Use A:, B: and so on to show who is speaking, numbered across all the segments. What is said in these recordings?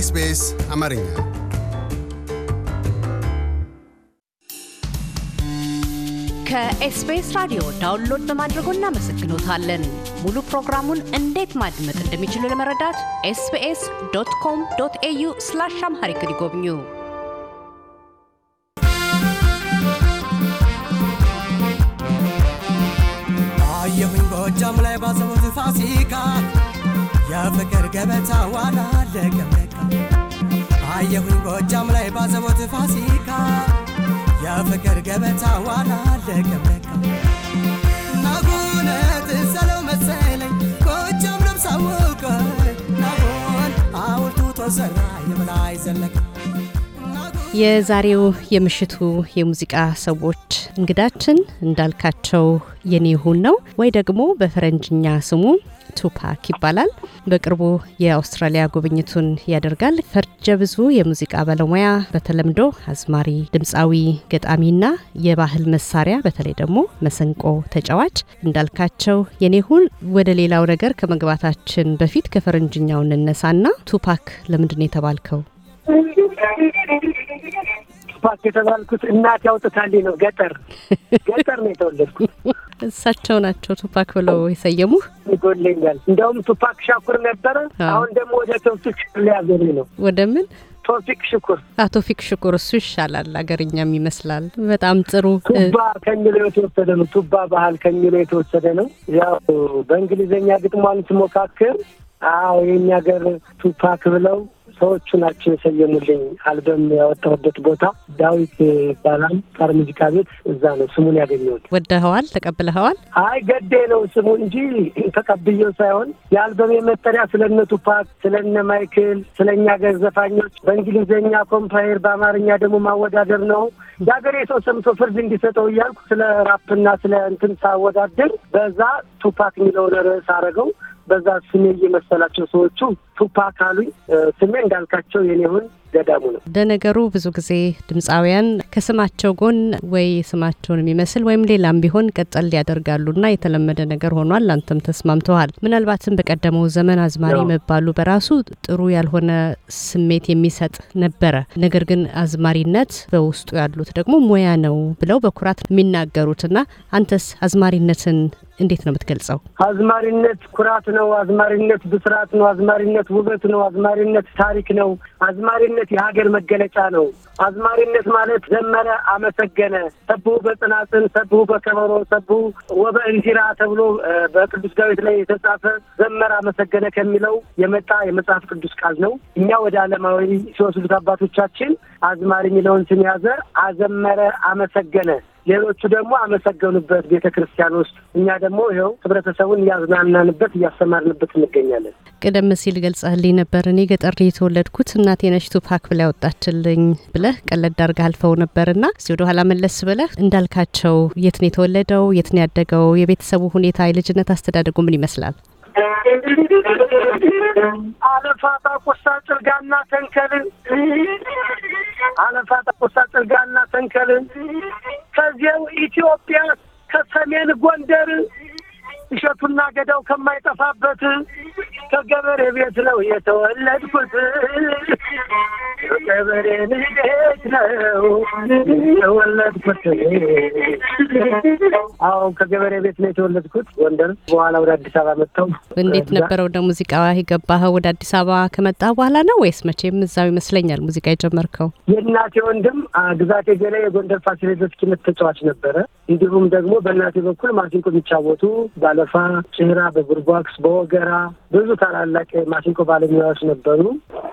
A: ኤስቢኤስ አማርኛ ከኤስቢኤስ ራዲዮ ዳውንሎድ በማድረጎ እናመሰግኖታለን። ሙሉ ፕሮግራሙን እንዴት ማድመጥ እንደሚችሉ ለመረዳት ኤስቢኤስ ዶት ኮም ዶት ኤዩ ስላሽ አምሃሪክ ይጎብኙ።
B: ጎጃም ላይ ባሰቡት ፋሲካ የፍቅር ገበታ ዋላ አለቀም አየሁኝ ጎጃም ላይ ባዘቦት ፋሲካ የፍቅር ገበታ ዋና ናጎነ መሰለኝ ጎጃም ለምሳወቀ ናጎን አውልቱ ተሰራ የበላይ ዘለቀ
A: የዛሬው የምሽቱ የሙዚቃ ሰዎች እንግዳችን እንዳልካቸው የኔሁን ነው ወይ ደግሞ በፈረንጅኛ ስሙ ቱፓክ ይባላል። በቅርቡ የአውስትራሊያ ጉብኝቱን ያደርጋል። ፈርጀ ብዙ የሙዚቃ ባለሙያ በተለምዶ አዝማሪ፣ ድምፃዊ፣ ገጣሚና የባህል መሳሪያ በተለይ ደግሞ መሰንቆ ተጫዋች እንዳልካቸው የኔሁን። ወደ ሌላው ነገር ከመግባታችን በፊት ከፈረንጅኛው እንነሳና ቱፓክ ለምንድን ነው የተባልከው?
C: ፓርክ የተባልኩት እናት ያውጥታልኝ ነው። ገጠር
A: ገጠር ነው የተወለድኩት። እሳቸው ናቸው ቱፓክ ብለው የሰየሙ
C: ይጎለኛል። እንደውም ቱፓክ ሻኩር ነበረ። አሁን ደግሞ ወደ ቶፊክ
A: ሊያገኝ ነው። ወደ ምን ቶፊክ ሽኩር ቶፊክ ሽኩር፣ እሱ ይሻላል። አገርኛም ይመስላል። በጣም ጥሩ። ቱባ
C: ከሚለው የተወሰደ ነው። ቱባ ባህል ከሚለው የተወሰደ ነው። ያው በእንግሊዝኛ ግጥሟን ስሞካክር አዎ የእኛ ሀገር ቱፓክ ብለው ሰዎቹ ናቸው የሰየሙልኝ። አልበም ያወጣሁበት ቦታ ዳዊት ይባላል። ጣር ሙዚቃ ቤት እዛ ነው ስሙን ያገኘሁት።
A: ወደኸዋል? ተቀብለኸዋል? አይ ገዴ ነው
C: ስሙ እንጂ ተቀብዬው ሳይሆን የአልበም የመጠሪያ ስለነ ቱፓክ፣ ስለነ ማይክል፣ ስለኛ ገር ዘፋኞች በእንግሊዝኛ ኮምፓየር፣ በአማርኛ ደግሞ ማወዳደር ነው የሀገሬ ሰው ሰምቶ ፍርድ እንዲሰጠው እያልኩ ስለ ራፕና ስለ እንትን ሳወዳድር በዛ ቱፓክ የሚለውን ርዕስ አረገው። በዛ ስሜ እየመሰላቸው ሰዎቹ ቱፓክ አሉኝ። ስሜ እንዳልካቸው የኔ ሁን ገዳሙ
A: ነው። ለነገሩ ብዙ ጊዜ ድምፃውያን ከስማቸው ጎን ወይ ስማቸውን የሚመስል ወይም ሌላም ቢሆን ቀጠል ያደርጋሉና የተለመደ ነገር ሆኗል። አንተም ተስማምተዋል። ምናልባትም በቀደመው ዘመን አዝማሪ መባሉ በራሱ ጥሩ ያልሆነ ስሜት የሚሰጥ ነበረ። ነገር ግን አዝማሪነት በውስጡ ያሉት ደግሞ ሙያ ነው ብለው በኩራት የሚናገሩትና አንተስ አዝማሪነትን እንዴት ነው የምትገልጸው?
C: አዝማሪነት ኩራት ነው። አዝማሪነት ብስራት ነው። አዝማሪነት ውበት ነው። አዝማሪነት ታሪክ ነው። አዝማሪነት ማለት የሀገር መገለጫ ነው። አዝማሪነት ማለት ዘመረ፣ አመሰገነ፣ ሰብሁ በጽናጽን ሰብሑ በከበሮ ሰብሑ ወበእንዚራ ተብሎ በቅዱስ ዳዊት ላይ የተጻፈ ዘመረ አመሰገነ ከሚለው የመጣ የመጽሐፍ ቅዱስ ቃል ነው። እኛ ወደ ዓለማዊ ሲወስዱት አባቶቻችን አዝማሪ የሚለውን ስም ያዘ፣ አዘመረ፣ አመሰገነ ሌሎቹ ደግሞ አመሰገኑበት ቤተ ክርስቲያን ውስጥ፣ እኛ ደግሞ ይኸው ህብረተሰቡን እያዝናናንበት እያስተማርንበት እንገኛለን።
A: ቀደም ሲል ገልጸህልኝ ነበር። እኔ ገጠር የተወለድኩት እናቴ ነች ቱፓክ ብላ ያወጣችልኝ ብለህ ቀለድ ዳርጋ አልፈው እዚ ወደ ኋላ መለስ ብለህ እንዳልካቸው የት ነው የተወለደው? የት ነው ያደገው? የቤተሰቡ ሁኔታ፣ የልጅነት አስተዳደጉ ምን ይመስላል?
C: አለፋጣ ቁሳ ጭልጋና ተንከልን አለፋጣ ቁሳ ጭልጋና ተንከልን ከዚያው ኢትዮጵያ ከሰሜን ጎንደር እሸቱና ገዳው ከማይጠፋበት ከገበሬ ቤት ነው የተወለድኩት። ገበሬ ቤት ነው የተወለድኩት። አዎ ከገበሬ ቤት ነው የተወለድኩት ጎንደር። በኋላ ወደ አዲስ አበባ መጥተው። እንዴት ነበር
A: ወደ ሙዚቃ የገባኸው? ወደ አዲስ አበባ ከመጣ በኋላ ነው ወይስ? መቼም እዛው ይመስለኛል ሙዚቃ የጀመርከው።
C: የእናቴ ወንድም ግዛቴ ገላይ የጎንደር ፋሲለደስ ኪነት ተጫዋች ነበረ። እንዲሁም ደግሞ በእናቴ በኩል ማሲንቆ የሚጫወቱ ባለፋ፣ ጭራ፣ በጉርጓክስ፣ በወገራ ብዙ ታላላቅ ማሲንቆ ባለሙያዎች ነበሩ።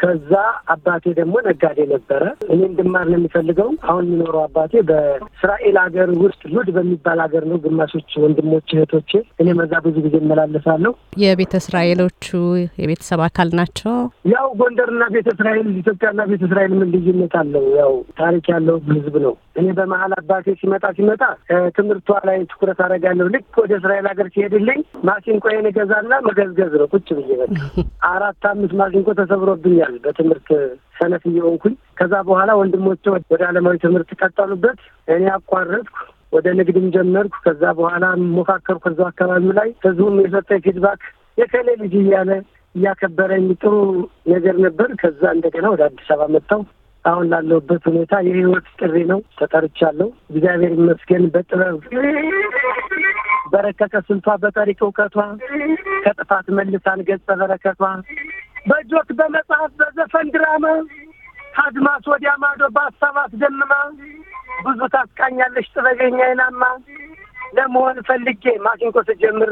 C: ከዛ አባቴ ደግሞ ነጋዴ ነበረ። እኔ እንድማር ነው የሚፈልገው። አሁን የሚኖረው አባቴ በእስራኤል ሀገር ውስጥ ሉድ በሚባል ሀገር ነው። ግማሾች ወንድሞች እህቶቼ፣ እኔ መዛ ብዙ ጊዜ እመላለሳለሁ።
A: የቤተ እስራኤሎቹ የቤተሰብ አካል ናቸው።
C: ያው ጎንደርና ቤተ እስራኤል ኢትዮጵያና ቤተ እስራኤል ምን ልዩነት አለው? ያው ታሪክ ያለው ህዝብ ነው። እኔ በመሀል አባቴ ሲመጣ ሲመጣ ትምህርቷ ላይ ትኩረት አደርጋለሁ። ልክ ወደ እስራኤል ሀገር ሲሄድልኝ ማሲንቆ እገዛና መገዝገዝ ነው ቁጭ ብዬ በቃ አራት አምስት ማሲንቆ ተሰብሮብኛል በትምህርት ሰነፍ እየሆንኩኝ። ከዛ በኋላ ወንድሞቼ ወደ አለማዊ ትምህርት ቀጠሉበት፣ እኔ አቋረጥኩ። ወደ ንግድም ጀመርኩ። ከዛ በኋላ ሞካከርኩ እዛው አካባቢው ላይ ህዝቡም የሰጠኝ ፊድባክ የከሌ ልጅ እያለ እያከበረኝ ጥሩ ነገር ነበር። ከዛ እንደገና ወደ አዲስ አበባ መጣሁ። አሁን ላለሁበት ሁኔታ የህይወት ጥሪ ነው። ተጠርቻለሁ። እግዚአብሔር ይመስገን። በጥበብ በረከተ ስልቷ፣ በጠሪቅ እውቀቷ ከጥፋት መልሳን ገጸ በረከቷ በጆክ በመጽሐፍ በዘፈን ድራማ ከአድማስ ወዲያ ማዶ በሀሳብ አስደምማ ብዙ ታስቃኛለች ጥበበኛ አይናማ ለመሆን ፈልጌ ማሲንቆ ስጀምር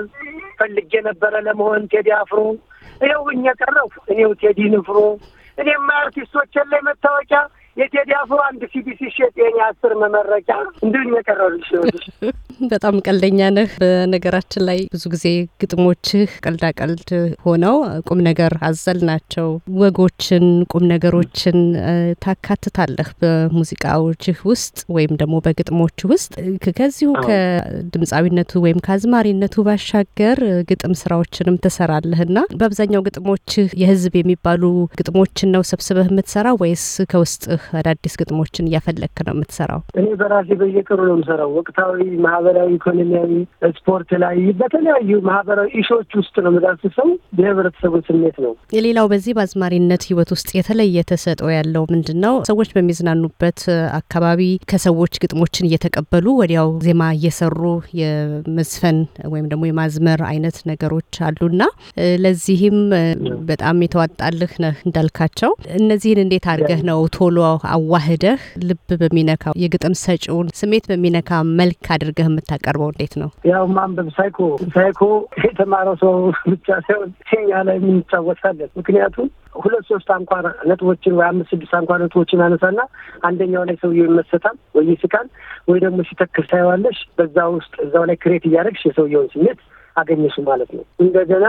C: ፈልጌ ነበረ ለመሆን ቴዲ አፍሮ ይኸው እኘ ቀረው እኔው ቴዲ ንፍሮ እኔማ አርቲስቶችን ላይ መታወቂያ የቴዲ አፍሮ አንድ ሲዲ ሲሸጥ የኔ አስር መመረቂያ እንድን የቀረሉ
A: በጣም ቀልደኛ ነህ። በነገራችን ላይ ብዙ ጊዜ ግጥሞችህ ቀልዳቀልድ ሆነው ቁም ነገር አዘል ናቸው። ወጎችን፣ ቁም ነገሮችን ታካትታለህ በሙዚቃዎችህ ውስጥ ወይም ደግሞ በግጥሞች ውስጥ። ከዚሁ ከድምፃዊነቱ ወይም ከአዝማሪነቱ ባሻገር ግጥም ስራዎችንም ትሰራለህ እና በአብዛኛው ግጥሞችህ የህዝብ የሚባሉ ግጥሞችን ነው ሰብስበህ የምትሰራ ወይስ ከውስጥህ አዳዲስ ግጥሞችን እያፈለግክ ነው የምትሰራው? እኔ
C: በራሴ በየቀኑ ነው የምሰራው። ወቅታዊ፣ ማህበራዊ፣ ኢኮኖሚያዊ፣ ስፖርት ላይ በተለያዩ ማህበራዊ ኢሾዎች ውስጥ ነው የምዳስሰው። የህብረተሰቡ ስሜት ነው።
A: የሌላው በዚህ በአዝማሪነት ህይወት ውስጥ የተለየ ተሰጥኦ ያለው ምንድን ነው? ሰዎች በሚዝናኑበት አካባቢ ከሰዎች ግጥሞችን እየተቀበሉ ወዲያው ዜማ እየሰሩ የመዝፈን ወይም ደግሞ የማዝመር አይነት ነገሮች አሉና ለዚህም በጣም የተዋጣልህ ነህ እንዳልካቸው እነዚህን እንዴት አድርገህ ነው ቶሎ በሙዚቃው አዋህደህ ልብ በሚነካ የግጥም ሰጪውን ስሜት በሚነካ መልክ አድርገህ የምታቀርበው እንዴት ነው?
C: ያው ማንበብ ሳይኮ ሳይኮ የተማረው ሰው ብቻ ሳይሆን እኛ ላይ የምንጫወታለን። ምክንያቱም ሁለት ሶስት አንኳር ነጥቦችን ወይ አምስት ስድስት አንኳር ነጥቦችን አነሳና አንደኛው ላይ ሰውየው ይመሰጣል ወይ ይስቃል ወይ ደግሞ ሲተክል ታየዋለሽ። በዛ ውስጥ እዛው ላይ ክሬት እያደረግሽ የሰውየውን ስሜት አገኘሽ ማለት ነው። እንደገና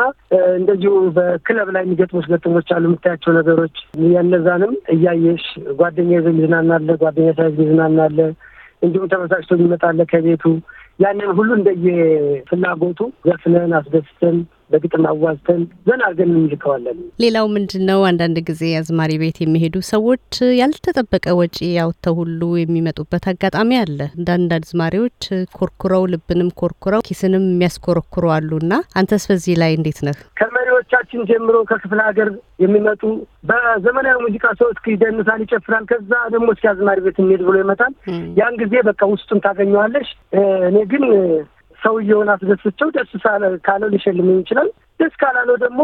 C: እንደዚሁ በክለብ ላይ የሚገጥሙሽ ገጥሞች አሉ የምታያቸው ነገሮች ያነዛንም እያየሽ ጓደኛ ይዞ ሚዝናና ጓደኛ ሳይዝ ሚዝናና እንዲሁም ተመሳጭቶ ይመጣለ ከቤቱ ያንን ሁሉ እንደየ ፍላጎቱ ገፍነን አስደስተን በግጥም አዋዝተን ዘና አድርገን እንልከዋለን።
A: ሌላው ምንድን ነው አንዳንድ ጊዜ አዝማሪ ቤት የሚሄዱ ሰዎች ያልተጠበቀ ወጪ ያውጥተው ሁሉ የሚመጡበት አጋጣሚ አለ። አንዳንድ አዝማሪዎች ኮርኩረው ልብንም ኮርኩረው ኪስንም የሚያስኮረኩሩ አሉና አንተስ በዚህ ላይ እንዴት ነህ?
C: ከመሪዎቻችን ጀምሮ ከክፍለ ሀገር የሚመጡ በዘመናዊ ሙዚቃ ሰው እስኪ ደንሳን ይጨፍራል፣ ከዛ ደግሞ እስኪ አዝማሪ ቤት የሚሄድ ብሎ ይመጣል። ያን ጊዜ በቃ ውስጡን ታገኘዋለሽ። እኔ ግን ሰውየውን አስደስቸው ደስ ካለው ሊሸልመኝ ይችላል። ደስ ካላለው ደግሞ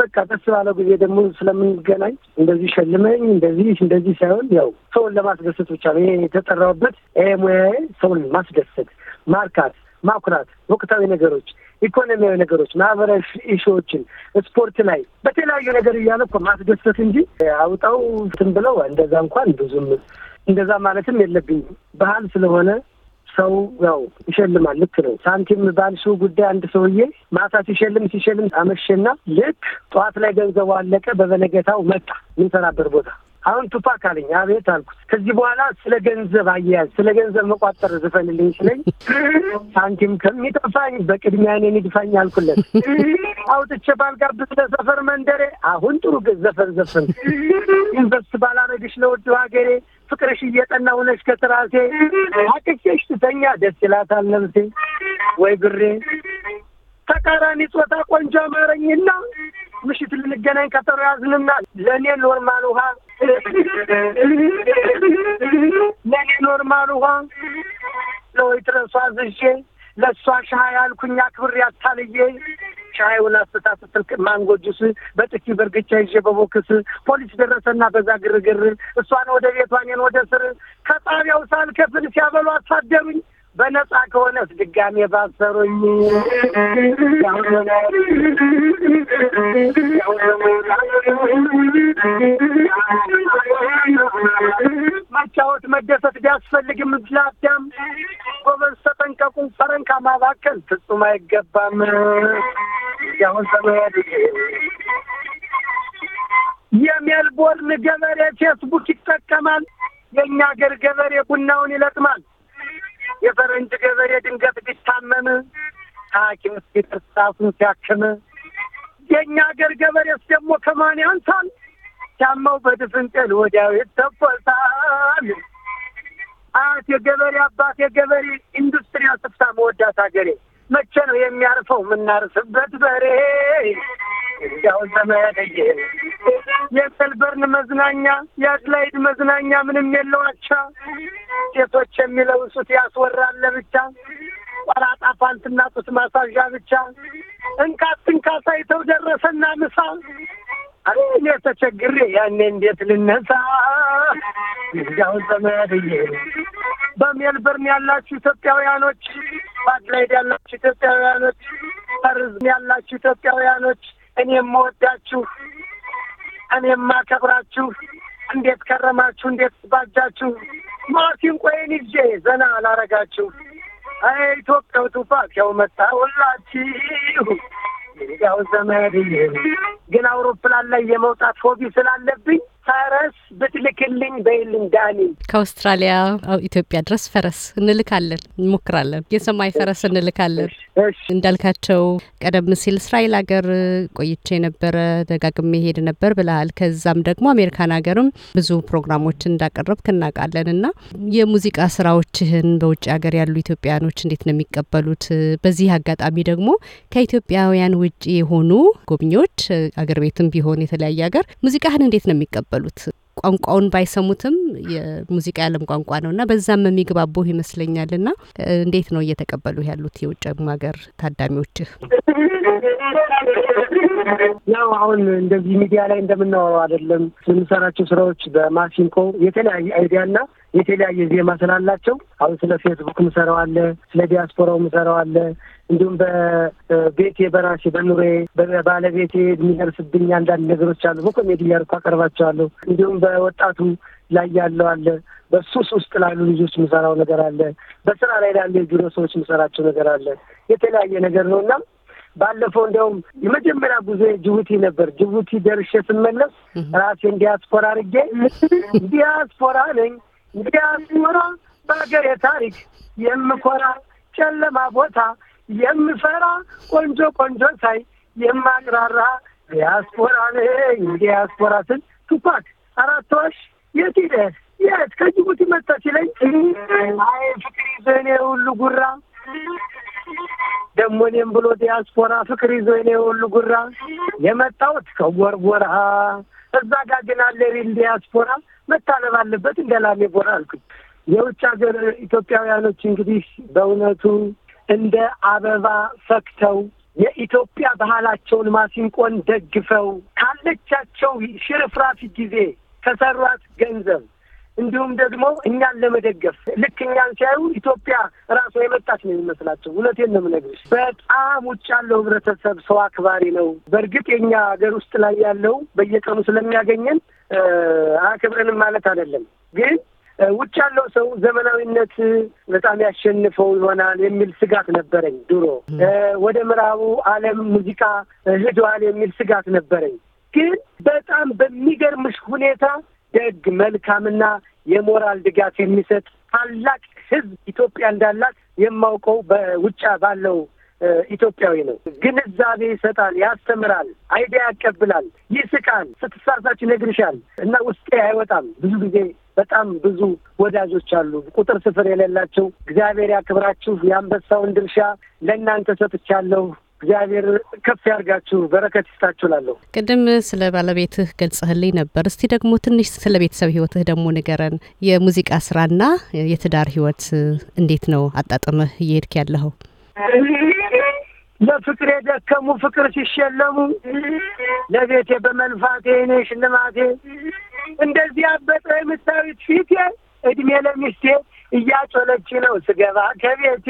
C: በቃ ደስ ባለው ጊዜ ደግሞ ስለምንገናኝ እንደዚህ ሸልመኝ እንደዚህ እንደዚህ ሳይሆን ያው ሰውን ለማስደሰት ብቻ ነው ይሄ የተጠራውበት ሙያዬ ሰውን ማስደሰት፣ ማርካት፣ ማኩራት፣ ወቅታዊ ነገሮች፣ ኢኮኖሚያዊ ነገሮች፣ ማህበራዊ ኢሹዎችን ስፖርት ላይ በተለያዩ ነገር እያለ እኮ ማስደሰት እንጂ አውጣው እንትን ብለው እንደዛ እንኳን ብዙም እንደዛ ማለትም የለብኝም ባህል ስለሆነ ሰው ያው ይሸልማል። ልክ ነው። ሳንቲም ባልሱ ጉዳይ አንድ ሰውዬ ማታ ሲሸልም ሲሸልም አመሸና ልክ ጠዋት ላይ ገንዘቡ አለቀ። በበነገታው መጣ የምንሰራበት ቦታ አሁን ቱፓክ አለኝ። አቤት አልኩት። ከዚህ በኋላ ስለ ገንዘብ አያያዝ፣ ስለ ገንዘብ መቋጠር ዝፈልልኝ ስለኝ ሳንቲም ከሚጠፋኝ በቅድሚያ እኔን ይግፋኝ አልኩለት። አውጥቼ ባልጋብዝ ለሰፈር መንደሬ አሁን ጥሩ ዘፈን ዘፈን ኢንቨስት ባላረግሽ ለወድ ሀገሬ ፍቅርሽ እየጠና ሆነሽ ከትራሴ አቅፌሽ ስተኛ ደስ ይላታል ነፍሴ ወይ ግሬ ተቃራኒ ጾታ ቆንጆ አማረኝና ምሽት ልንገናኝ ቀጠሮ ያዝንና ለእኔ ኖርማል ውሃ ለእኔ ኖርማል ውሃ ትረሷ ዝሼ ለእሷ ሻ አልኩኝ አክብር አታልዬ ሻዩን አስታ ማንጎ ጁስ በጥፊ በእርግቻ ይዤ በቦክስ ፖሊስ ደረሰና በዛ ግርግር እሷን ወደ ቤቷ እኔን ወደ ስር ከጣቢያው ሳልከፍል ሲያበሉ አሳደሩኝ። በነጻ ከሆነስ ድጋሜ ባሰሩኝ። መጫወት መደሰት ቢያስፈልግም ብላዳም ጎበዝ ተጠንቀቁ፣ ፈረንካ ማባከል ፍጹም አይገባም። ያሁን ዘመድ የሜልቦርን ገበሬ ፌስቡክ ይጠቀማል። የእኛ አገር ገበሬ ቡናውን ይለቅማል። የፈረንጅ ገበሬ ድንገት ቢታመም ከሐኪም ሲጥር ሲያክም፣ የእኛ አገር ገበሬስ ደግሞ ከማን ያንሳል? ሲያመው በድፍን ጤል ወዲያው ይተኮሳል። አያት የገበሬ አባት የገበሬ ኢንዱስትሪ አስፍታ መወዳት አገሬ መቼ ነው የሚያርፈው? የምናርስበት በሬ እንዲያው ዘመደየ የሜልበርን መዝናኛ የአድላይድ መዝናኛ ምንም የለው አቻ። ሴቶች የሚለውሱት ያስወራል ለብቻ ቆራጣ ፓንትና ጡት ማሳዣ ብቻ። እንካት ትንካት ይተው ደረሰና ምሳ አሬ እኔ ተቸግሬ ያኔ እንዴት ልነሳ? እንዲያው ዘመደየ በሜልበርን ያላችሁ ኢትዮጵያውያኖች፣ ማድላይድ ያላችሁ ኢትዮጵያውያኖች፣ ፐርዝ ያላችሁ ኢትዮጵያውያኖች እኔ የምወዳችሁ እኔ የማከብራችሁ እንዴት ከረማችሁ? እንዴት ባጃችሁ? ማሲን ቆይን ይዤ ዘና አላረጋችሁ። አይ ኢትዮጵያው ቱፋት ያው መጣ ያው ዘመድ ግን አውሮፕላን ላይ የመውጣት ሆቢ ስላለብኝ ፈረስ ብትልክልኝ በይልን ዳኒ።
A: ከአውስትራሊያ ኢትዮጵያ ድረስ ፈረስ እንልካለን፣ እንሞክራለን። የሰማይ ፈረስ እንልካለን። እንዳልካቸው ቀደም ሲል እስራኤል ሀገር ቆይቼ ነበረ፣ ደጋግሜ ሄድ ነበር ብለሃል። ከዛም ደግሞ አሜሪካን ሀገርም ብዙ ፕሮግራሞችን እንዳቀረብክ እናውቃለን። እና የሙዚቃ ስራዎችህን በውጭ ሀገር ያሉ ኢትዮጵያውያኖች እንዴት ነው የሚቀበሉት? በዚህ አጋጣሚ ደግሞ ከኢትዮጵያውያን ውጭ የሆኑ ጎብኚዎች አገር ቤትም ቢሆን የተለያየ ሀገር ሙዚቃህን እንዴት ነው የሚቀበሉ? የሚባባሉት። ቋንቋውን ባይሰሙትም የሙዚቃ የዓለም ቋንቋ ነው እና በዛም የሚግባቦህ ይመስለኛል። ና እንዴት ነው እየተቀበሉ ያሉት የውጭ ሀገር ታዳሚዎችህ?
C: ያው አሁን እንደዚህ ሚዲያ ላይ እንደምናወራው አይደለም። የምንሰራቸው ስራዎች በማሲንቆ የተለያየ አይዲያ ና የተለያየ ዜማ ስላላቸው አሁን ስለ ፌስቡክ ምሰራው አለ፣ ስለ ዲያስፖራው ምሰራው አለ። እንዲሁም በቤቴ በራሴ በኑሬ ባለቤቴ የሚደርስብኝ አንዳንድ ነገሮች አሉ። በኮሜዲ ያርኩ አቀርባቸዋለሁ። እንዲሁም በወጣቱ ላይ ያለው አለ። በሱስ ውስጥ ላሉ ልጆች ምሰራው ነገር አለ። በስራ ላይ ላሉ የቢሮ ሰዎች ምሰራቸው ነገር አለ። የተለያየ ነገር ነው እና ባለፈው እንዲያውም የመጀመሪያ ጉዞ ጅቡቲ ነበር። ጅቡቲ ደርሼ ስመለስ ራሴን ዲያስፖራ አድርጌ ዲያስፖራ ነኝ ዲያስፖራ በሀገሬ ታሪክ የምኮራ ጨለማ ቦታ የምፈራ ቆንጆ ቆንጆ ሳይ የማቅራራ ዲያስፖራ ነኝ ዲያስፖራ ስል ቱፓክ አራቶሽ ዋሽ የት ሂደህ የት ከጅቡቲ መጣ ሲለኝ አይ ፍቅር ይዞ የኔ ሁሉ ጉራ ደግሞ እኔም ብሎ ዲያስፖራ ፍቅር ይዞ የኔ ሁሉ ጉራ የመጣሁት ከጎርጎራ እዛ ጋ ግን አለ ሪል ዲያስፖራ መታለብ አለበት እንደ ላሜ ቦራ አልኩኝ። የውጭ ሀገር ኢትዮጵያውያኖች እንግዲህ በእውነቱ እንደ አበባ ፈክተው የኢትዮጵያ ባህላቸውን ማሲንቆን ደግፈው ካለቻቸው ሽርፍራፊ ጊዜ ከሰሯት ገንዘብ እንዲሁም ደግሞ እኛን ለመደገፍ ልክ እኛን ሲያዩ ኢትዮጵያ ራሷ የመጣች ነው የሚመስላቸው። እውነቴን ነው የምነግርሽ። በጣም ውጭ ያለው ህብረተሰብ ሰው አክባሪ ነው። በእርግጥ የእኛ ሀገር ውስጥ ላይ ያለው በየቀኑ ስለሚያገኘን አክብረንም ማለት አይደለም ግን ውጭ ያለው ሰው ዘመናዊነት በጣም ያሸንፈው ይሆናል የሚል ስጋት ነበረኝ። ድሮ ወደ ምዕራቡ ዓለም ሙዚቃ ሂደዋል የሚል ስጋት ነበረኝ። ግን በጣም በሚገርምሽ ሁኔታ ደግ መልካምና የሞራል ድጋፍ የሚሰጥ ታላቅ ሕዝብ ኢትዮጵያ እንዳላት የማውቀው በውጭ ባለው ኢትዮጵያዊ ነው። ግንዛቤ ይሰጣል፣ ያስተምራል፣ አይዲያ ያቀብላል፣ ይስቃል፣ ስትሳሳች ይነግርሻል እና ውስጤ አይወጣም። ብዙ ጊዜ በጣም ብዙ ወዳጆች አሉ ቁጥር ስፍር የሌላቸው። እግዚአብሔር ያክብራችሁ፣ የአንበሳውን ድርሻ ለእናንተ ሰጥቻለሁ። እግዚአብሔር ከፍ ያርጋችሁ፣ በረከት ይስጣችሁ እላለሁ።
A: ቅድም ስለ ባለቤትህ ገልጸህልኝ ነበር። እስቲ ደግሞ ትንሽ ስለ ቤተሰብ ህይወትህ ደግሞ ንገረን። የሙዚቃ ስራና የትዳር ህይወት እንዴት ነው አጣጥመህ እየሄድክ ያለኸው?
C: ለፍቅር የደከሙ ፍቅር ሲሸለሙ ለቤቴ በመልፋቴ እኔ ሽልማቴ እንደዚህ አበጠ የምታዩት ፊቴ እድሜ ለሚስቴ እያጮለች ነው ስገባ ከቤቴ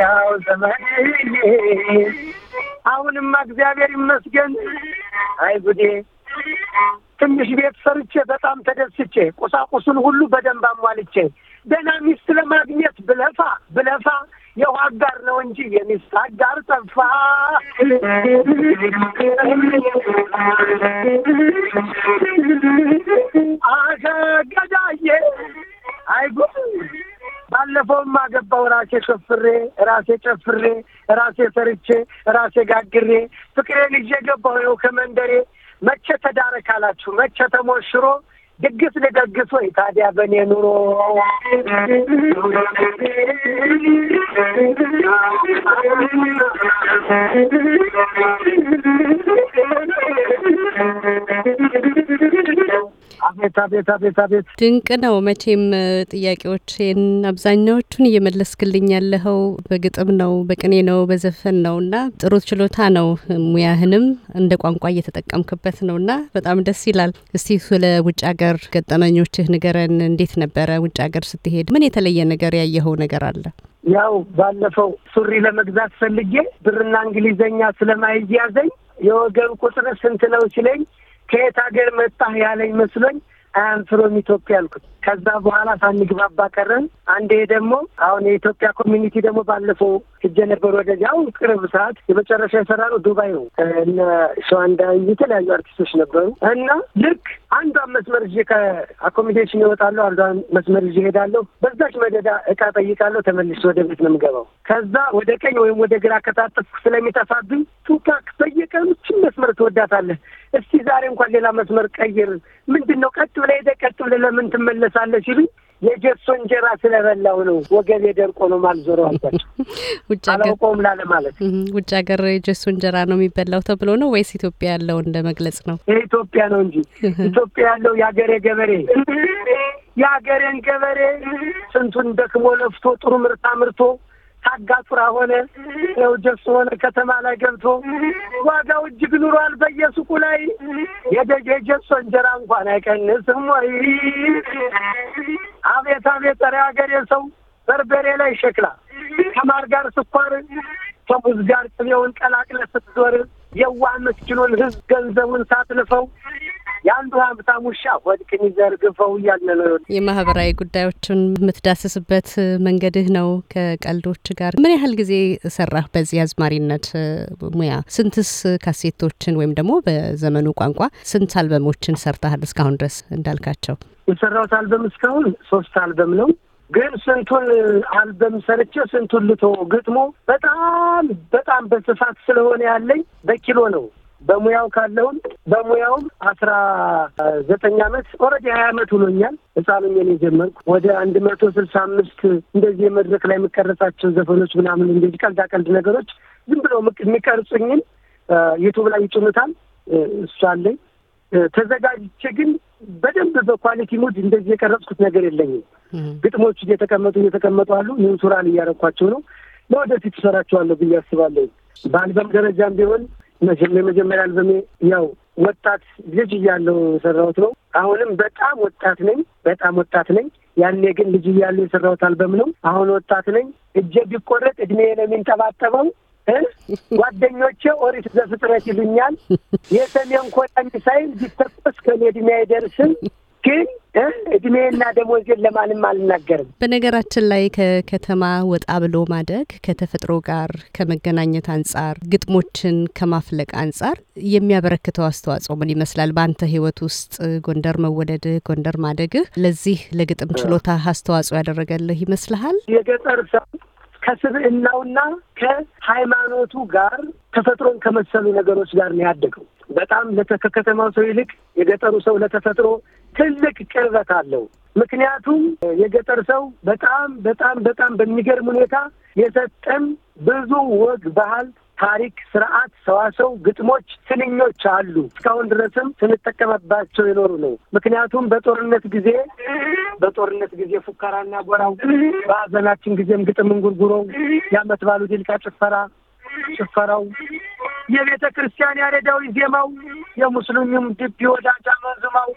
C: ያው ዘመን አሁንማ እግዚአብሔር ይመስገን። አይ ጉዴ ትንሽ ቤት ሰርቼ በጣም ተደስቼ ቁሳቁሱን ሁሉ በደንብ አሟልቼ ደህና ሚስት ለማግኘት ብለፋ ብለፋ ያው አጋር ነው እንጂ የሚስት አጋር ጠፋ። አሸገዳዬ አይጉድ ባለፈውም አገባው ራሴ ሸፍሬ ራሴ ጨፍሬ ራሴ ሰርቼ ራሴ ጋግሬ ፍቅሬ ይዤ ገባሁ ይኸው ከመንደሬ መቼ ተዳረካላችሁ መቼ ተሞሽሮ ድግስ ልደግስ ወይ ታዲያ በእኔ ኑሮ አቤት
A: አቤት አቤት አቤት! ድንቅ ነው። መቼም ጥያቄዎቼን አብዛኛዎቹን እየመለስክልኝ ያለኸው በግጥም ነው፣ በቅኔ ነው፣ በዘፈን ነው እና ጥሩ ችሎታ ነው። ሙያህንም እንደ ቋንቋ እየተጠቀምክበት ነው እና በጣም ደስ ይላል። እስቲ ስለ ውጭ ሀገር ሀገር ገጠመኞችህ ንገረን። እንዴት ነበረ? ውጭ ሀገር ስትሄድ ምን የተለየ ነገር ያየኸው ነገር አለ?
C: ያው ባለፈው ሱሪ ለመግዛት ፈልጌ ብርና እንግሊዘኛ ስለማይያዘኝ የወገን ቁጥር ስንት ነው ሲለኝ ከየት ሀገር መጣህ ያለኝ መስሎኝ አያም ፍሮም ኢትዮጵያ አልኩት። ከዛ በኋላ ሳንግባባ ቀረን። አንዴ ደግሞ አሁን የኢትዮጵያ ኮሚኒቲ ደግሞ ባለፈው ሂጄ ነበር አሁን ቅርብ ሰዓት የመጨረሻ የሰራ ነው ዱባይ ነው። እነ ሸዋንዳ የተለያዩ አርቲስቶች ነበሩ እና ልክ አንዷን መስመር እ ከአኮሚዴሽን ይወጣለሁ፣ አንዷን መስመር እ እሄዳለሁ። በዛች መደዳ እቃ ጠይቃለሁ፣ ተመልሼ ወደ ቤት ነው የምገባው። ከዛ ወደ ቀኝ ወይም ወደ ግራ ከታጠፍኩ ስለሚጠፋብኝ ቱፓክ በየቀኑ ችን መስመር ትወዳታለህ እስቲ ዛሬ እንኳን ሌላ መስመር ቀይር፣ ምንድን ነው ቀጥ ብለህ ሄደህ ቀጥ ብለህ ለምን ትመለሳለህ ሲሉኝ የጀሶ እንጀራ ስለበላው ነው ወገቤ ደርቆ ነው ማልዞረው
A: አልኳቸው። ውጭ አላውቀውም ላለ ማለት ውጭ ሀገር የጀሶ እንጀራ ነው የሚበላው ተብሎ ነው ወይስ ኢትዮጵያ ያለውን ለመግለጽ ነው? የኢትዮጵያ ነው እንጂ ኢትዮጵያ ያለው የሀገሬ ገበሬ
C: የሀገሬን ገበሬ ስንቱን ደክሞ ለፍቶ ጥሩ ምርት አምርቶ ታጋቱራ ሆነ ው ደስ ሆነ ከተማ ላይ ገብቶ ዋጋው እጅግ ኑሯል። በየሱቁ ላይ የጀሶ እንጀራ እንኳን አይቀንስም ወይ! አቤት አቤት! ኧረ ሀገሬ ሰው በርበሬ ላይ ሸክላ ከማር ጋር ስኳር ከሙዝ ጋር ቅቤውን ቀላቅለ ስትዞር የዋህ መስኪኑን ህዝብ ገንዘቡን ሳትልፈው የአንዱ ሀብታም ውሻ ወድቅን ይዘርግፈው
A: እያለ ነው። የማህበራዊ ጉዳዮችን የምትዳስስበት መንገድህ ነው። ከቀልዶች ጋር ምን ያህል ጊዜ ሰራህ? በዚህ አዝማሪነት ሙያ ስንትስ ካሴቶችን ወይም ደግሞ በዘመኑ ቋንቋ ስንት አልበሞችን ሰርተሃል እስካሁን ድረስ? እንዳልካቸው
C: የሰራሁት አልበም እስካሁን ሶስት አልበም ነው። ግን ስንቱን አልበም ሰርቼ ስንቱን ልቶ ግጥሞ በጣም በጣም በስፋት ስለሆነ ያለኝ በኪሎ ነው። በሙያው ካለውን በሙያውም አስራ ዘጠኝ አመት ኦልሬዲ ሀያ አመት ሆኖኛል። ህፃኑም የኔ ጀመርኩ ወደ አንድ መቶ ስልሳ አምስት እንደዚህ የመድረክ ላይ የምቀረጻቸው ዘፈኖች ምናምን እንደዚህ ቀልዳ ቀልድ ነገሮች ዝም ብለው የሚቀርጹኝን ዩቱብ ላይ ይጭኑታል። እሷ አለኝ ተዘጋጅቼ ግን በደንብ በኳሊቲ ሙድ እንደዚህ የቀረጽኩት ነገር የለኝም። ግጥሞች እየተቀመጡ እየተቀመጡ አሉ። ይህን ሱራን እያረኳቸው ነው። ለወደፊት እሰራቸዋለሁ ብዬ አስባለሁ። በአልበም ደረጃም ቢሆን የመጀመሪያ አልበሜ ያው ወጣት ልጅ እያለሁ የሰራሁት ነው። አሁንም በጣም ወጣት ነኝ፣ በጣም ወጣት ነኝ። ያኔ ግን ልጅ እያለሁ የሰራሁት አልበም ነው። አሁን ወጣት ነኝ። እጄ ቢቆረጥ እድሜ ነው የሚንጠባጠበው። ጓደኞቼ ኦሪት ዘፍጥረት ይሉኛል። የሰሜን ኮሪያ ሚሳይል ቢተኮስ ከኔ እድሜ አይደርስም ግን እድሜና ደሞዜን ለማንም አልናገርም።
A: በነገራችን ላይ ከከተማ ወጣ ብሎ ማደግ ከተፈጥሮ ጋር ከመገናኘት አንጻር፣ ግጥሞችን ከማፍለቅ አንጻር የሚያበረክተው አስተዋጽኦ ምን ይመስላል? በአንተ ህይወት ውስጥ ጎንደር መወለድህ፣ ጎንደር ማደግህ ለዚህ ለግጥም ችሎታ አስተዋጽኦ ያደረገልህ ይመስልሃል?
C: የገጠር ሰው ከስብዕናውና ከሃይማኖቱ ጋር ተፈጥሮን ከመሰሉ ነገሮች ጋር ነው ያደገው። በጣም ከከተማው ሰው ይልቅ የገጠሩ ሰው ለተፈጥሮ ትልቅ ቅርበት አለው። ምክንያቱም የገጠር ሰው በጣም በጣም በጣም በሚገርም ሁኔታ የሰጠን ብዙ ወግ ባህል ታሪክ፣ ስርዓት፣ ሰዋሰው፣ ግጥሞች፣ ስንኞች አሉ። እስካሁን ድረስም ስንጠቀመባቸው የኖሩ ነው። ምክንያቱም በጦርነት ጊዜ በጦርነት ጊዜ ፉከራና ጎራው፣ በሀዘናችን ጊዜም ግጥም እንጉርጉሮው፣ የአመት ባሉ ድልቃ ጭፈራ ጭፈራው፣ የቤተ ክርስቲያን ያሬዳዊ ዜማው፣ የሙስሊሙም ድቢ ወዳጃ መዝማው፣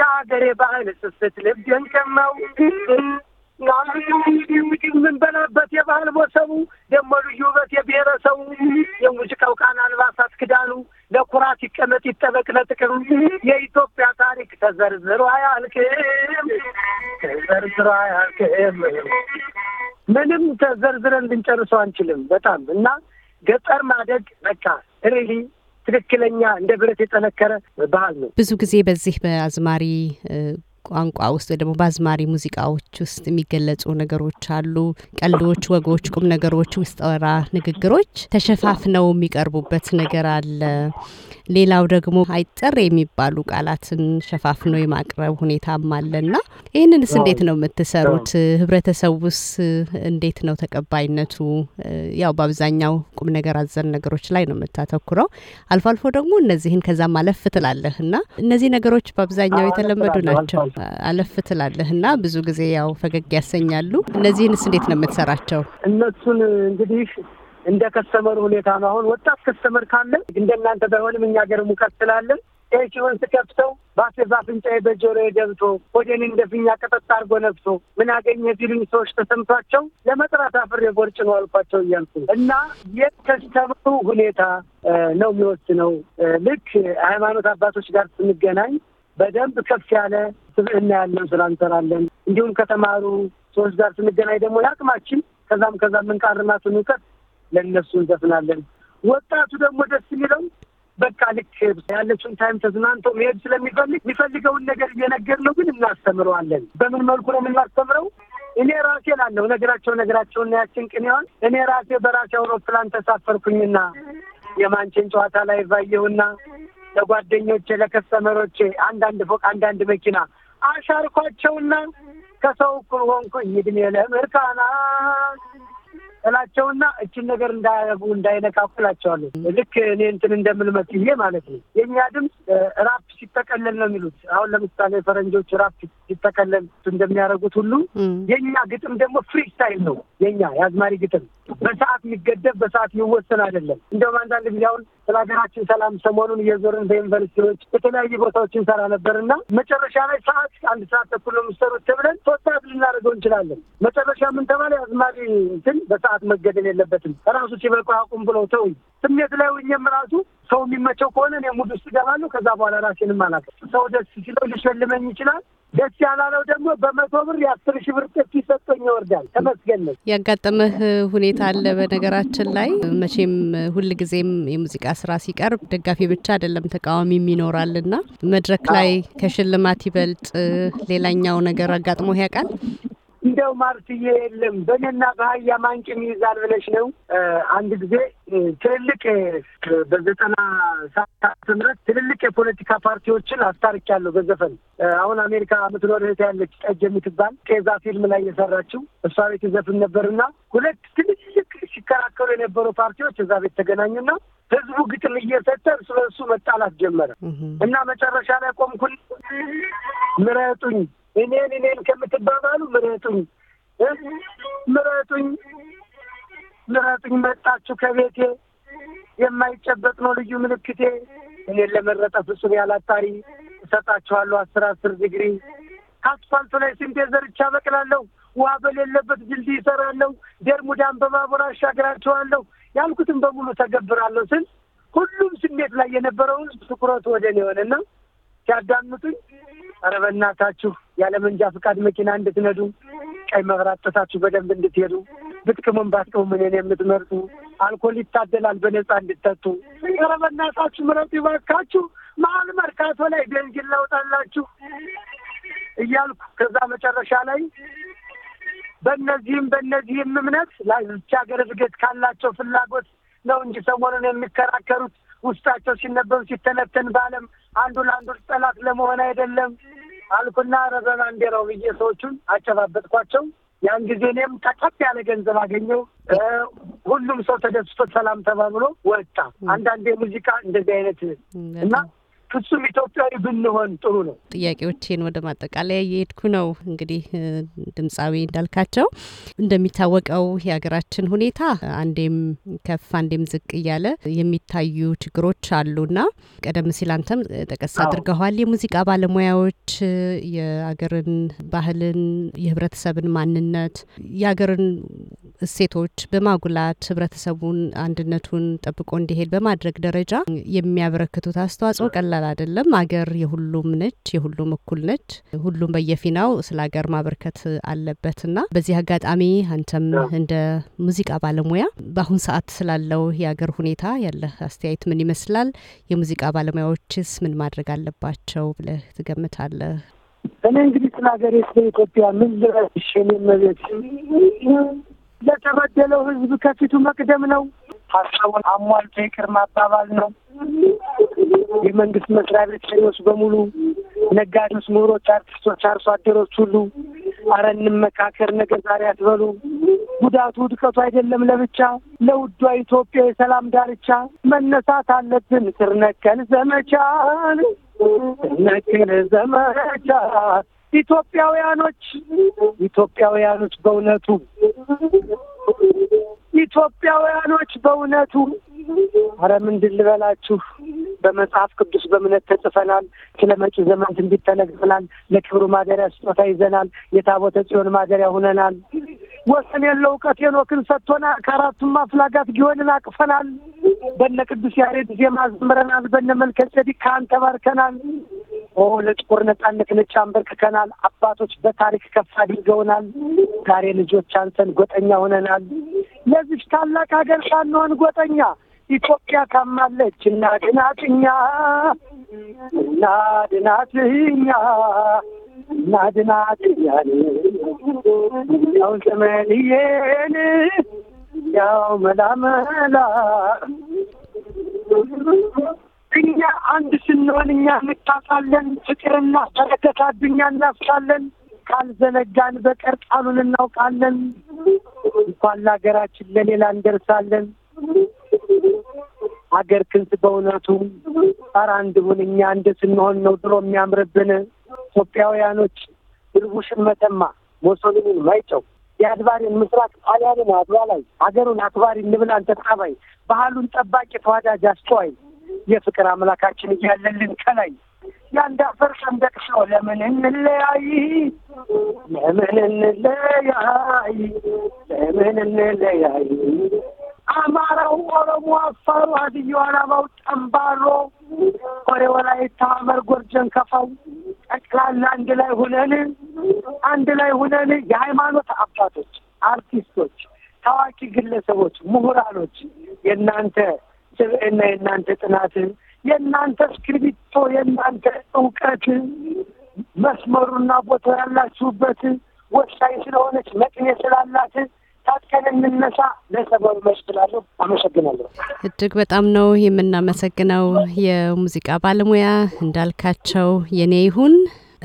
C: የአገሬ ባህል ስስት ልብ ደንቀማው አብዩ የምንበላበት የባህል ሞሰቡ ደግሞ ልዩ ውበት የብሔረሰቡ የሙዚቃው ቃና፣ አልባሳት ክዳኑ ለኩራት ይቀመጥ ይጠበቅ ለጥቅም የኢትዮጵያ ታሪክ ተዘርዝሮ አያልቅም፣ ተዘርዝሮ አያልቅም። ምንም ተዘርዝረን ልንጨርሰው አንችልም። በጣም እና ገጠር ማደግ በቃ ሪሊ ትክክለኛ እንደ ብረት የጠነከረ ባህል ነው።
A: ብዙ ጊዜ በዚህ በአዝማሪ ቋንቋ ውስጥ ወይ ደግሞ በአዝማሪ ሙዚቃዎች ውስጥ የሚገለጹ ነገሮች አሉ። ቀልዶች፣ ወጎች፣ ቁም ነገሮች፣ ውስጥ ወራ ንግግሮች ተሸፋፍነው የሚቀርቡበት ነገር አለ። ሌላው ደግሞ አይጠር የሚባሉ ቃላትን ሸፋፍኖ የማቅረብ ሁኔታም አለና ይህንንስ እንዴት ነው የምትሰሩት? ህብረተሰቡስ እንዴት ነው ተቀባይነቱ? ያው በአብዛኛው ቁም ነገር አዘል ነገሮች ላይ ነው የምታተኩረው። አልፎ አልፎ ደግሞ እነዚህን ከዛም አለፍ ትላለህ እና እነዚህ ነገሮች በአብዛኛው የተለመዱ ናቸው። አለፍ ትላለህ እና ብዙ ጊዜ ያው ፈገግ ያሰኛሉ። እነዚህንስ እንዴት ነው የምትሰራቸው? እነሱን
C: እንግዲህ እንደ ከስተመሩ ሁኔታ ነው። አሁን ወጣት ከስተመር ካለ እንደናንተ ባይሆንም እኛ ገር ሙቀት ስላለን ኤሲውን ስከፍተው ባፌ ባፍንጫዬ በጆሮዬ ገብቶ ወደኔ እንደ ቀጠጥ አድርጎ ነፍቶ ምን አገኘ ሲሉኝ ሰዎች ተሰምቷቸው ለመጥራት አፍሬ ቦርጭ ነው አልኳቸው እያልኩ እና የከስተመሩ ሁኔታ ነው የሚወስነው። ልክ ሃይማኖት አባቶች ጋር ስንገናኝ በደንብ ከፍ ያለ ስብዕና ያለን ስራ እንሰራለን። እንዲሁም ከተማሩ ሰዎች ጋር ስንገናኝ ደግሞ የአቅማችን ከዛም ከዛ የምንቃርናትን እውቀት ለእነሱ እንዘፍናለን። ወጣቱ ደግሞ ደስ የሚለው በቃ ልክ ያለችውን ታይም ተዝናንቶ መሄድ ስለሚፈልግ የሚፈልገውን ነገር ነው፣ ግን እናስተምረዋለን። በምን መልኩ ነው የምናስተምረው? እኔ ራሴ ላለው ነገራቸው ነገራቸውን ያችን ቅኔዋን እኔ ራሴ በራሴ አውሮፕላን ተሳፈርኩኝና የማንችን ጨዋታ ላይ ባየሁና ለጓደኞቼ ለከስተመሮቼ አንዳንድ ፎቅ አንዳንድ መኪና አሻርኳቸውና ከሰው እኩል ሆንኩኝ እድሜ ለምርቃና እላቸውና እችን ነገር እንዳያረጉ እንዳይነካኩ እላቸዋለሁ። ልክ እኔ እንትን እንደምልመስል ይሄ ማለት ነው። የእኛ ድምፅ ራፕ ሲጠቀለል ነው የሚሉት። አሁን ለምሳሌ ፈረንጆች ራፕ ሲጠቀለል እንደሚያደርጉት ሁሉ የእኛ ግጥም ደግሞ ፍሪስታይል ነው። የእኛ የአዝማሪ ግጥም በሰዓት የሚገደብ በሰዓት የሚወሰን አይደለም። እንደውም አንዳንድ ጊዜ አሁን ስለ ሀገራችን ሰላም ሰሞኑን እየዞርን በዩኒቨርሲቲዎች የተለያዩ ቦታዎች እንሰራ ነበር እና መጨረሻ ላይ ሰዓት አንድ ሰዓት ተኩል ነው ተብለን ሶስት ሰዓት ልናደርገው እንችላለን። መጨረሻ ምን ተባለ? አዝማሪ እንትን በሰዓት መገደል የለበትም ራሱ ሲበቁ አቁም ብለው ተው ስሜት ላይ ውኝም ራሱ ሰው የሚመቸው ከሆነ እኔ ሙድ ውስጥ እገባለሁ። ከዛ በኋላ ራሴንም አላውቅም። ሰው ደስ ሲለው ሊሸልመኝ ይችላል ደስ ያላለው ደግሞ በመቶ ብር የአስር ሺ ብር ጥፍ ይሰጠኝ ይወርዳል። ተመስገን።
A: ያጋጠመህ ሁኔታ አለ? በነገራችን ላይ መቼም ሁል ጊዜም የሙዚቃ ስራ ሲቀርብ ደጋፊ ብቻ አይደለም ተቃዋሚም ይኖራል እና መድረክ ላይ ከሽልማት ይበልጥ ሌላኛው ነገር አጋጥሞ ያውቃል?
C: እንደው ማርትዬ የለም በእኔና በአህያ ማንቅ ይይዛል ብለሽ ነው። አንድ ጊዜ ትልልቅ በዘጠና ሰባት ምረት ትልልቅ የፖለቲካ ፓርቲዎችን አስታርቂያለሁ በዘፈን። አሁን አሜሪካ የምትኖር እህት ያለች ጠጅ የምትባል ቄዛ ፊልም ላይ የሰራችው እሷ ቤት ዘፍን ነበርና ሁለት ትልልቅ ሲከራከሩ የነበሩ ፓርቲዎች እዛ ቤት ተገናኙና ህዝቡ ግጥም እየሰጠ እርስ በርሱ መጣላት ጀመረ እና መጨረሻ ላይ ቆምኩ ምረጡኝ እኔን እኔን ከምትባባሉ ምረጡኝ፣ ምረጡኝ፣ ምረጡኝ መጣችሁ ከቤቴ የማይጨበጥ ነው ልዩ ምልክቴ። እኔን ለመረጠ ፍጹም ያላጣሪ እሰጣችኋለሁ አስር አስር ዲግሪ። ከአስፋልቱ ላይ ስንቴ ዘርቻ በቅላለሁ፣ ውሃ በሌለበት ድልድይ እሰራለሁ፣ ደርሙዳን በባቡር አሻግራችኋለሁ። ያልኩትን በሙሉ ተገብራለሁ ስል ሁሉም ስሜት ላይ የነበረውን ትኩረቱ ወደ እኔ የሆነና ሲያዳምጡኝ ኧረ በእናታችሁ ያለ መንጃ ፈቃድ መኪና እንድትነዱ፣ ቀይ መብራት ጥሳችሁ በደንብ እንድትሄዱ፣ ብትቅሙም ባትቅሙም እኔን የምትመርጡ፣ አልኮል ይታደላል በነጻ እንድትጠጡ፣ ኧረ በእናታችሁ ምረጡ ይባካችሁ፣ መሀል መርካቶ ላይ ደንግን ላውጣላችሁ እያልኩ ከዛ መጨረሻ ላይ በእነዚህም በእነዚህም እምነት ለዚች ሀገር እድገት ካላቸው ፍላጎት ነው እንጂ ሰሞኑን የሚከራከሩት ውስጣቸው ሲነበብ ሲተነተን በዓለም አንዱ ለአንዱ ጠላት ለመሆን አይደለም አልኩና ረዘና እንዴ ነው ብዬ ሰዎቹን አጨባበጥኳቸው። ያን ጊዜ እኔም ተቀብ ያለ ገንዘብ አገኘው። ሁሉም ሰው ተደስቶ ሰላም ተባብሎ ወጣ። አንዳንድ የሙዚቃ እንደዚህ አይነት እና ፍጹም ኢትዮጵያዊ ብንሆን ጥሩ ነው።
A: ጥያቄዎቼን ወደ ማጠቃለያ እየሄድኩ ነው። እንግዲህ ድምፃዊ እንዳልካቸው እንደሚታወቀው የሀገራችን ሁኔታ አንዴም ከፍ አንዴም ዝቅ እያለ የሚታዩ ችግሮች አሉና ቀደም ሲል አንተም ጠቀስ አድርገዋል። የሙዚቃ ባለሙያዎች የአገርን ባህልን፣ የህብረተሰብን ማንነት የአገርን እሴቶች በማጉላት ህብረተሰቡን አንድነቱን ጠብቆ እንዲሄድ በማድረግ ደረጃ የሚያበረክቱት አስተዋጽኦ ቀላል አይደለም። አገር የሁሉም ነች፣ የሁሉም እኩል ነች። ሁሉም በየፊናው ስለ ሀገር ማበርከት አለበትና በዚህ አጋጣሚ አንተም እንደ ሙዚቃ ባለሙያ በአሁን ሰዓት ስላለው የሀገር ሁኔታ ያለህ አስተያየት ምን ይመስላል? የሙዚቃ ባለሙያዎችስ ምን ማድረግ አለባቸው ብለህ ትገምታለህ?
C: እኔ እንግዲህ ስለ ሀገሬ ስለ ኢትዮጵያ ምን ልበልሽ? እኔ መቤት ለተበደለው ህዝብ ከፊቱ መቅደም ነው። ሀሳቡን አሟልቶ ይቅር ማባባል ነው። የመንግስት መስሪያ ቤት ቤተኞች በሙሉ ነጋዴዎች፣ ምሁሮች፣ አርቲስቶች፣ አርሶ አደሮች ሁሉ አረ እንመካከር፣ ነገ ዛሬ አትበሉ። ጉዳቱ ውድቀቱ አይደለም ለብቻ ለውዷ ኢትዮጵያ የሰላም ዳርቻ መነሳት አለብን ስር ነቀል ዘመቻን ነቀል ዘመቻ ኢትዮጵያውያኖች ኢትዮጵያውያኖች በእውነቱ ኢትዮጵያውያኖች በእውነቱ አረ ምንድን ልበላችሁ በመጽሐፍ ቅዱስ በእምነት ተጽፈናል። ስለ መጪ ዘመን ትንቢት ተነግረናል። ለክብሩ ማደሪያ ስጦታ ይዘናል። የታቦተ ጽዮን ማደሪያ ሁነናል። ወሰን የለው እውቀት ሄኖክን ሰጥቶናል። ከአራቱም አፍላጋት ጊዮንን አቅፈናል። በነ ቅዱስ ያሬድ ዜማ ዘምረናል። በነ መልከ ጼዴቅ ካህን ተባርከናል። ኦ ለጥቁር ነጻነት እንጫንበርክከናል። አባቶች በታሪክ ከፍ አድርገውናል። ዛሬ ልጆች አንተን ጎጠኛ ሆነናል። ለዚች ታላቅ ሀገር ሳንሆን ጎጠኛ ኢትዮጵያ ካማለች እናድናትኛ እናድናትኛ እናድናትኛን ያው ዘመንዬን ያው መላመላ እኛ አንድ ስንሆን እኛ እንካሳለን። ፍቅርና በረከት አዱኛ እናስራለን። ካልዘነጋን በቀር ቃሉን እናውቃለን። እንኳን ለሀገራችን ለሌላ እንደርሳለን። ሀገር ክንስ በእውነቱ ጸር እንድሁን እኛ አንድ ስንሆን ነው ድሮ የሚያምርብን። ኢትዮጵያውያኖች ድርቡሽን መተማ ሞሶሊኒን ማይጨው የአድባሪን ምስራቅ ጣሊያንን አድባ ላይ ሀገሩን አክባሪ ንብላን ተጣባይ ባህሉን ጠባቂ ተዋዳጅ አስተዋይ የፍቅር አምላካችን እያለልን ከላይ ያንድ አፈር ሰንደቅ ሰው ለምን እንለያይ? ለምን እንለያይ? ለምን እንለያይ? አማራው፣ ኦሮሞ፣ አፋሩ፣ ሀዲያው፣ አላባው ጠንባሮ፣ ወሬ፣ ወላይታ፣ ጎርጀን፣ ከፋው ጠቅላላ አንድ ላይ ሁነን አንድ ላይ ሁነን የሃይማኖት አባቶች፣ አርቲስቶች፣ ታዋቂ ግለሰቦች፣ ምሁራኖች የእናንተ ስብዕና የእናንተ ጥናት፣ የእናንተ እስክሪብቶ፣ የእናንተ እውቀት መስመሩና ቦታ ያላችሁበት ወሳኝ ስለሆነች መቅኔ ስላላት ታጥቀን እንነሳ። ለሰበብ መስላለሁ። አመሰግናለሁ።
A: እጅግ በጣም ነው የምናመሰግነው የሙዚቃ ባለሙያ እንዳልካቸው የኔ ይሁን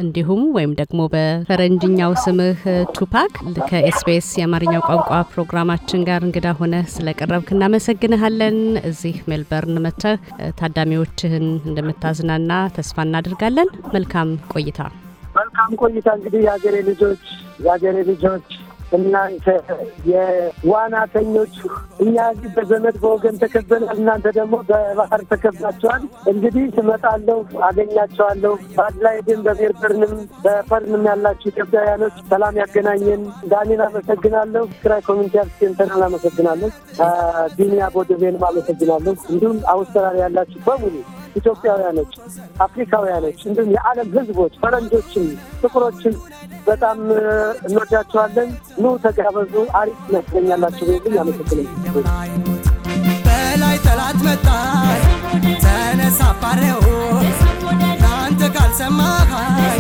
A: እንዲሁም ወይም ደግሞ በፈረንጅኛው ስምህ ቱፓክ ከኤስቢኤስ የአማርኛው ቋንቋ ፕሮግራማችን ጋር እንግዳ ሆነ ስለቀረብክ እናመሰግንሃለን። እዚህ ሜልበርን መጥተህ ታዳሚዎችህን እንደምታዝናና ተስፋ እናደርጋለን። መልካም ቆይታ።
C: መልካም ቆይታ። እንግዲህ የሀገሬ ልጆች የሀገሬ ልጆች እናንተ የዋናተኞች እኛ እዚህ በዘመድ በወገን ተከበናል፣ እናንተ ደግሞ በባህር ተከብናችኋል። እንግዲህ እመጣለሁ፣ አገኛቸዋለሁ። በአድላይድን በሜርበርንም በፐርንም ያላችሁ ኢትዮጵያውያኖች ሰላም ያገናኘን። ዳኒን አመሰግናለሁ። ትግራይ ኮሚኒቲ ሴንተርን አመሰግናለሁ። ቢኒያ ቦደቬንም አመሰግናለሁ። እንዲሁም አውስትራሊያ ያላችሁ በሙሉ ኢትዮጵያውያኖች፣ አፍሪካውያኖች እንዲሁም የዓለም ህዝቦች ፈረንጆችን፣ ጥቁሮችን በጣም እንወዳቸዋለን። ኑ ተጋበዙ። አሪፍ ያስገኛላችሁ ቤልኝ አመሰግነ
B: በላይ ጠላት መጣ ተነሳ ባሬው ለአንተ ካልሰማኸኝ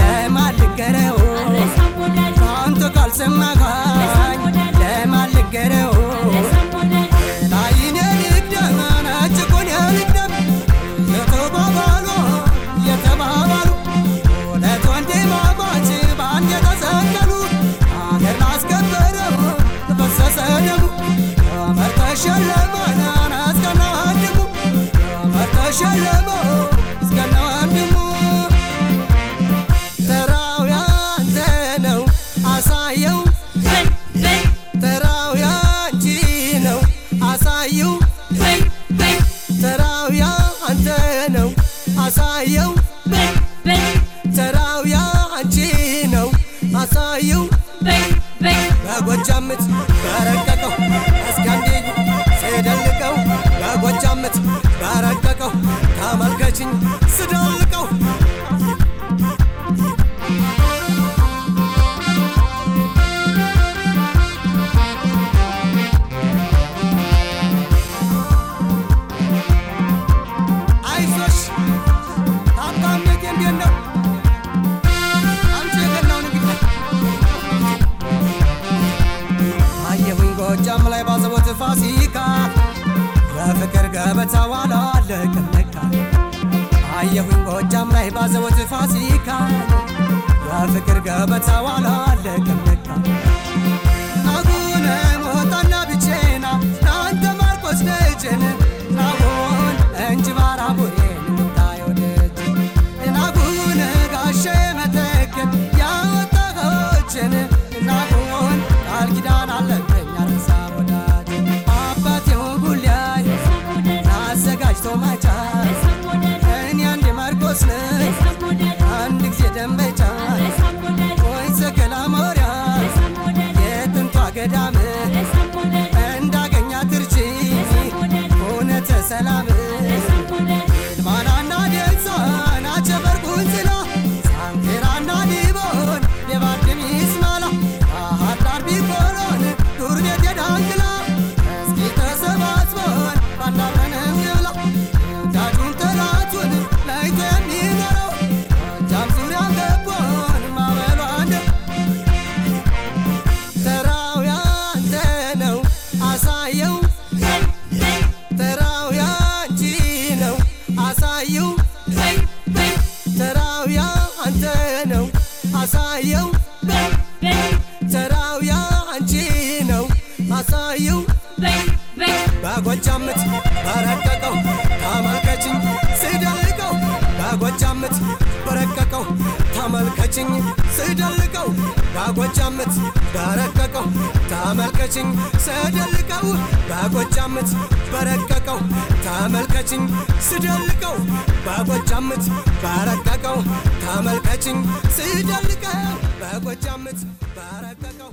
B: ለማን ልንገረው? ለአንተ ካልሰማኸኝ ለማን ልንገረው? It's love. በጎጃምት በረቀቀው ተመልከችኝ ስደልቀው በጎጃምት በረቀቀው ተመልከችኝ ስደልቀው በጎጃምት በረቀቀው ተመልከችኝ ስደልቀው በጎጃምት በረቀቀው ተመልከችኝ ስደልቀው በጎጃምት በረቀቀው ተመልከችኝ ስደልቀው በጎጃምት በረቀቀው